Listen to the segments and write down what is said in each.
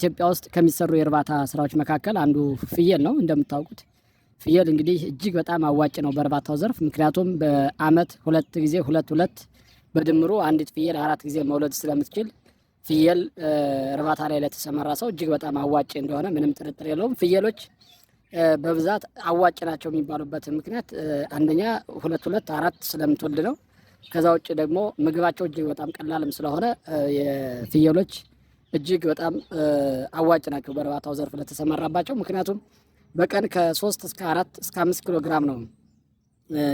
ኢትዮጵያ ውስጥ ከሚሰሩ የእርባታ ስራዎች መካከል አንዱ ፍየል ነው። እንደምታውቁት ፍየል እንግዲህ እጅግ በጣም አዋጭ ነው በእርባታው ዘርፍ። ምክንያቱም በአመት ሁለት ጊዜ ሁለት ሁለት በድምሩ አንዲት ፍየል አራት ጊዜ መውለድ ስለምትችል ፍየል እርባታ ላይ ለተሰማራ ሰው እጅግ በጣም አዋጭ እንደሆነ ምንም ጥርጥር የለውም። ፍየሎች በብዛት አዋጭ ናቸው የሚባሉበት ምክንያት አንደኛ ሁለት ሁለት አራት ስለምትወልድ ነው። ከዛ ውጭ ደግሞ ምግባቸው እጅግ በጣም ቀላልም ስለሆነ የፍየሎች እጅግ በጣም አዋጭ ናቸው በእርባታው ዘርፍ ለተሰማራባቸው። ምክንያቱም በቀን ከሶስት እስከ አራት እስከ አምስት ኪሎ ግራም ነው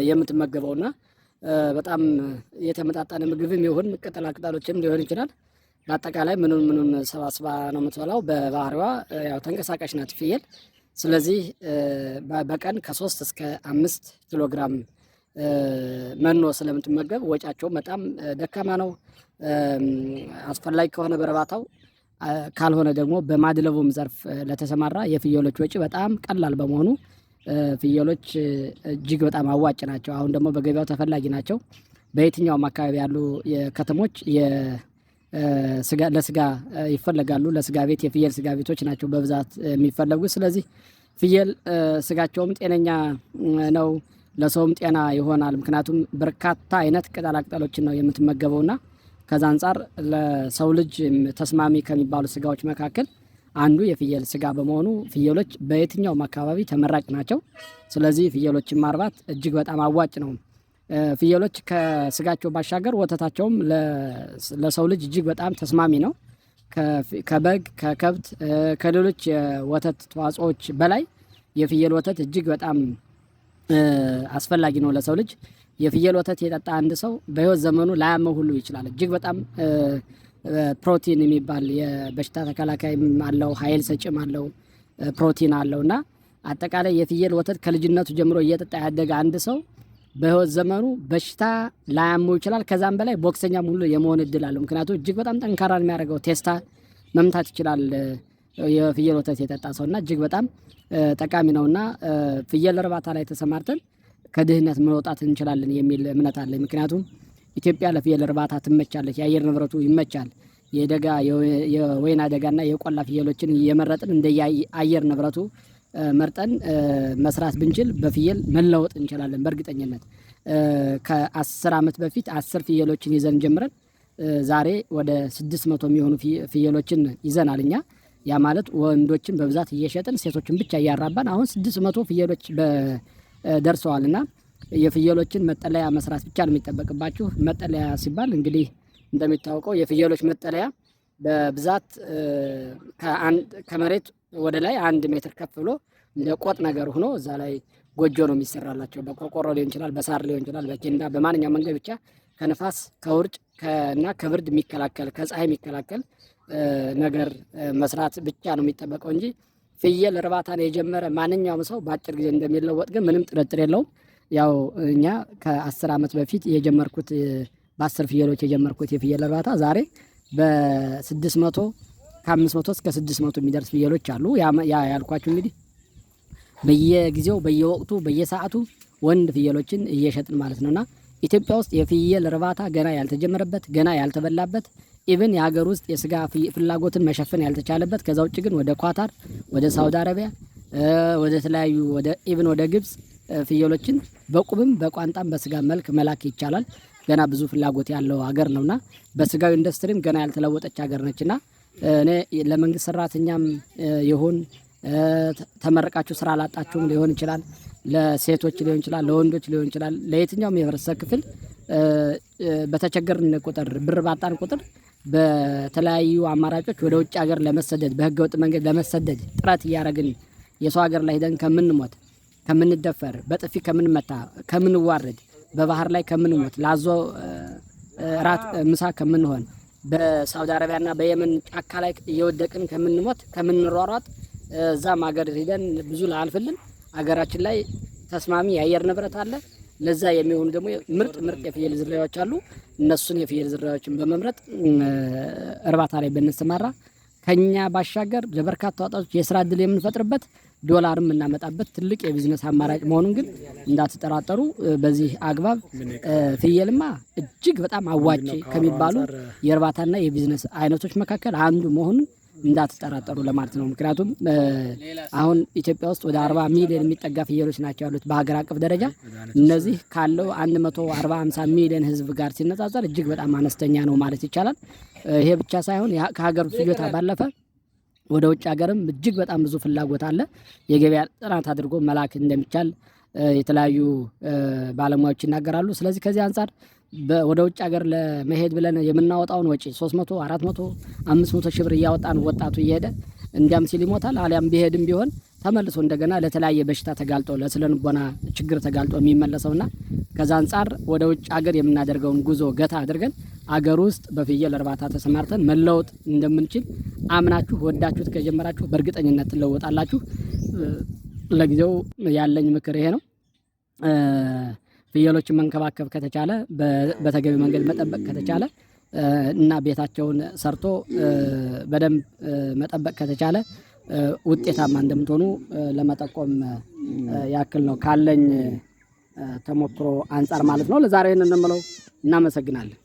የምትመገበው እና በጣም የተመጣጠነ ምግብም ይሁን ቅጠላ ቅጠሎችም ሊሆን ይችላል። በአጠቃላይ ምኑን ምኑን ሰባስባ ነው የምትበላው። በባህሪዋ ያው ተንቀሳቃሽ ናት ፍየል። ስለዚህ በቀን ከሶስት እስከ አምስት ኪሎ ግራም መኖ ስለምትመገብ ወጫቸውም በጣም ደካማ ነው። አስፈላጊ ከሆነ በእርባታው ካልሆነ ደግሞ በማድለቡም ዘርፍ ለተሰማራ የፍየሎች ወጪ በጣም ቀላል በመሆኑ ፍየሎች እጅግ በጣም አዋጭ ናቸው። አሁን ደግሞ በገበያው ተፈላጊ ናቸው። በየትኛውም አካባቢ ያሉ ከተሞች ለስጋ ይፈለጋሉ። ለስጋ ቤት የፍየል ስጋ ቤቶች ናቸው በብዛት የሚፈለጉ። ስለዚህ ፍየል ስጋቸውም ጤነኛ ነው፣ ለሰውም ጤና ይሆናል። ምክንያቱም በርካታ አይነት ቅጠላቅጠሎችን ነው የምትመገበውና ከዛ አንጻር ለሰው ልጅ ተስማሚ ከሚባሉ ስጋዎች መካከል አንዱ የፍየል ስጋ በመሆኑ ፍየሎች በየትኛውም አካባቢ ተመራጭ ናቸው። ስለዚህ ፍየሎችን ማርባት እጅግ በጣም አዋጭ ነው። ፍየሎች ከስጋቸው ባሻገር ወተታቸውም ለሰው ልጅ እጅግ በጣም ተስማሚ ነው። ከበግ፣ ከከብት፣ ከሌሎች የወተት ተዋጽኦዎች በላይ የፍየል ወተት እጅግ በጣም አስፈላጊ ነው ለሰው ልጅ። የፍየል ወተት የጠጣ አንድ ሰው በህይወት ዘመኑ ላያመው ሁሉ ይችላል። እጅግ በጣም ፕሮቲን የሚባል የበሽታ ተከላካይ አለው፣ ኃይል ሰጭም አለው፣ ፕሮቲን አለው እና አጠቃላይ የፍየል ወተት ከልጅነቱ ጀምሮ እየጠጣ ያደገ አንድ ሰው በህይወት ዘመኑ በሽታ ላያመው ይችላል። ከዛም በላይ ቦክሰኛ ሁሉ የመሆን እድል አለው። ምክንያቱም እጅግ በጣም ጠንካራ የሚያደርገው ቴስታ መምታት ይችላል የፍየል ወተት የጠጣ ሰው እና እጅግ በጣም ጠቃሚ ነው እና ፍየል እርባታ ላይ ተሰማርተን ከድህነት መውጣት እንችላለን የሚል እምነት አለ ምክንያቱም ኢትዮጵያ ለፍየል እርባታ ትመቻለች። የአየር ንብረቱ ይመቻል። የደጋ የወይና ደጋና የቆላ ፍየሎችን እየመረጥን እንደ አየር ንብረቱ መርጠን መስራት ብንችል በፍየል መለወጥ እንችላለን በእርግጠኝነት። ከአስር ዓመት በፊት አስር ፍየሎችን ይዘን ጀምረን ዛሬ ወደ ስድስት መቶ የሚሆኑ ፍየሎችን ይዘናል እኛ። ያ ማለት ወንዶችን በብዛት እየሸጥን ሴቶችን ብቻ እያራባን አሁን ስድስት መቶ ፍየሎች ደርሰዋልና የፍየሎችን መጠለያ መስራት ብቻ ነው የሚጠበቅባችሁ። መጠለያ ሲባል እንግዲህ እንደሚታወቀው የፍየሎች መጠለያ በብዛት ከመሬት ወደ ላይ አንድ ሜትር ከፍ ብሎ እንደ ቆጥ ነገር ሆኖ እዛ ላይ ጎጆ ነው የሚሰራላቸው። በቆርቆሮ ሊሆን ይችላል፣ በሳር ሊሆን ይችላል፣ በኬንዳ በማንኛውም መንገድ ብቻ ከንፋስ ከውርጭ እና ከብርድ የሚከላከል ከፀሐይ የሚከላከል ነገር መስራት ብቻ ነው የሚጠበቀው እንጂ ፍየል እርባታን የጀመረ ማንኛውም ሰው በአጭር ጊዜ እንደሚለወጥ ግን ምንም ጥርጥር የለውም። ያው እኛ ከአስር ዓመት በፊት የጀመርኩት በአስር ፍየሎች የጀመርኩት የፍየል እርባታ ዛሬ በስድስት መቶ ከአምስት መቶ እስከ ስድስት መቶ የሚደርስ ፍየሎች አሉ። ያ ያልኳችሁ እንግዲህ በየጊዜው በየወቅቱ በየሰዓቱ ወንድ ፍየሎችን እየሸጥን ማለት ነውና ኢትዮጵያ ውስጥ የፍየል እርባታ ገና ያልተጀመረበት ገና ያልተበላበት ኢቨን የሀገር ውስጥ የስጋ ፍላጎትን መሸፈን ያልተቻለበት ከዛ ውጭ ግን ወደ ኳታር፣ ወደ ሳውዲ አረቢያ፣ ወደ ተለያዩ ኢቨን ወደ ግብጽ ፍየሎችን በቁብም በቋንጣም በስጋ መልክ መላክ ይቻላል። ገና ብዙ ፍላጎት ያለው ሀገር ነውና በስጋዊ ኢንዱስትሪም ገና ያልተለወጠች ሀገር ነችና እኔ ለመንግስት ሰራተኛም ይሁን ተመረቃችሁ ስራ አላጣችሁም ሊሆን ይችላል፣ ለሴቶች ሊሆን ይችላል፣ ለወንዶች ሊሆን ይችላል፣ ለየትኛውም የህብረተሰብ ክፍል በተቸገርን ቁጥር ብር ባጣን ቁጥር በተለያዩ አማራጮች ወደ ውጭ ሀገር ለመሰደድ በህገወጥ መንገድ ለመሰደድ ጥረት እያደረግን የሰው ሀገር ላይ ሄደን ከምንሞት፣ ከምንደፈር፣ በጥፊ ከምንመታ፣ ከምንዋረድ፣ በባህር ላይ ከምንሞት፣ ላዞ ራት ምሳ ከምንሆን፣ በሳውዲ አረቢያና በየመን ጫካ ላይ እየወደቅን ከምንሞት፣ ከምንሯሯጥ እዛም ሀገር ሄደን ብዙ ላልፍልን ሀገራችን ላይ ተስማሚ የአየር ንብረት አለ። ለዛ የሚሆኑ ደግሞ ምርጥ ምርጥ የፍየል ዝርያዎች አሉ። እነሱን የፍየል ዝርያዎችን በመምረጥ እርባታ ላይ ብንሰማራ ከኛ ባሻገር ለበርካታ ወጣቶች የስራ እድል የምንፈጥርበት ዶላር እናመጣበት ትልቅ የቢዝነስ አማራጭ መሆኑን ግን እንዳትጠራጠሩ። በዚህ አግባብ ፍየልማ እጅግ በጣም አዋጭ ከሚባሉ የእርባታና የቢዝነስ አይነቶች መካከል አንዱ መሆኑን እንዳትጠራጠሩ ለማለት ነው። ምክንያቱም አሁን ኢትዮጵያ ውስጥ ወደ አርባ ሚሊዮን የሚጠጋ ፍየሎች ናቸው ያሉት በሀገር አቀፍ ደረጃ። እነዚህ ካለው አርባ 50 ሚሊዮን ህዝብ ጋር ሲነጻጸር እጅግ በጣም አነስተኛ ነው ማለት ይቻላል። ይሄ ብቻ ሳይሆን ከሀገር ፍጆታ ባለፈ ወደ ውጭ ሀገርም እጅግ በጣም ብዙ ፍላጎት አለ። የገበያ ጥናት አድርጎ መላክ እንደሚቻል የተለያዩ ባለሙያዎች ይናገራሉ። ስለዚህ ከዚህ አንጻር ወደ ውጭ ሀገር ለመሄድ ብለን የምናወጣውን ወጪ 300፣ 400፣ 500 ሺህ ብር እያወጣን ወጣቱ እየሄደ እንዲያም ሲል ይሞታል። አሊያም ቢሄድም ቢሆን ተመልሶ እንደገና ለተለያየ በሽታ ተጋልጦ ለስለንቦና ችግር ተጋልጦ የሚመለሰውና ከዛ አንጻር ወደ ውጭ ሀገር የምናደርገውን ጉዞ ገታ አድርገን አገር ውስጥ በፍየል እርባታ ተሰማርተን መለወጥ እንደምንችል አምናችሁ ወዳችሁት ከጀመራችሁ በእርግጠኝነት ትለወጣላችሁ። ለጊዜው ያለኝ ምክር ይሄ ነው። ፍየሎችን መንከባከብ ከተቻለ በተገቢ መንገድ መጠበቅ ከተቻለ እና ቤታቸውን ሰርቶ በደንብ መጠበቅ ከተቻለ ውጤታማ እንደምትሆኑ ለመጠቆም ያክል ነው ካለኝ ተሞክሮ አንጻር ማለት ነው። ለዛሬ ይህንን እናመሰግናለን።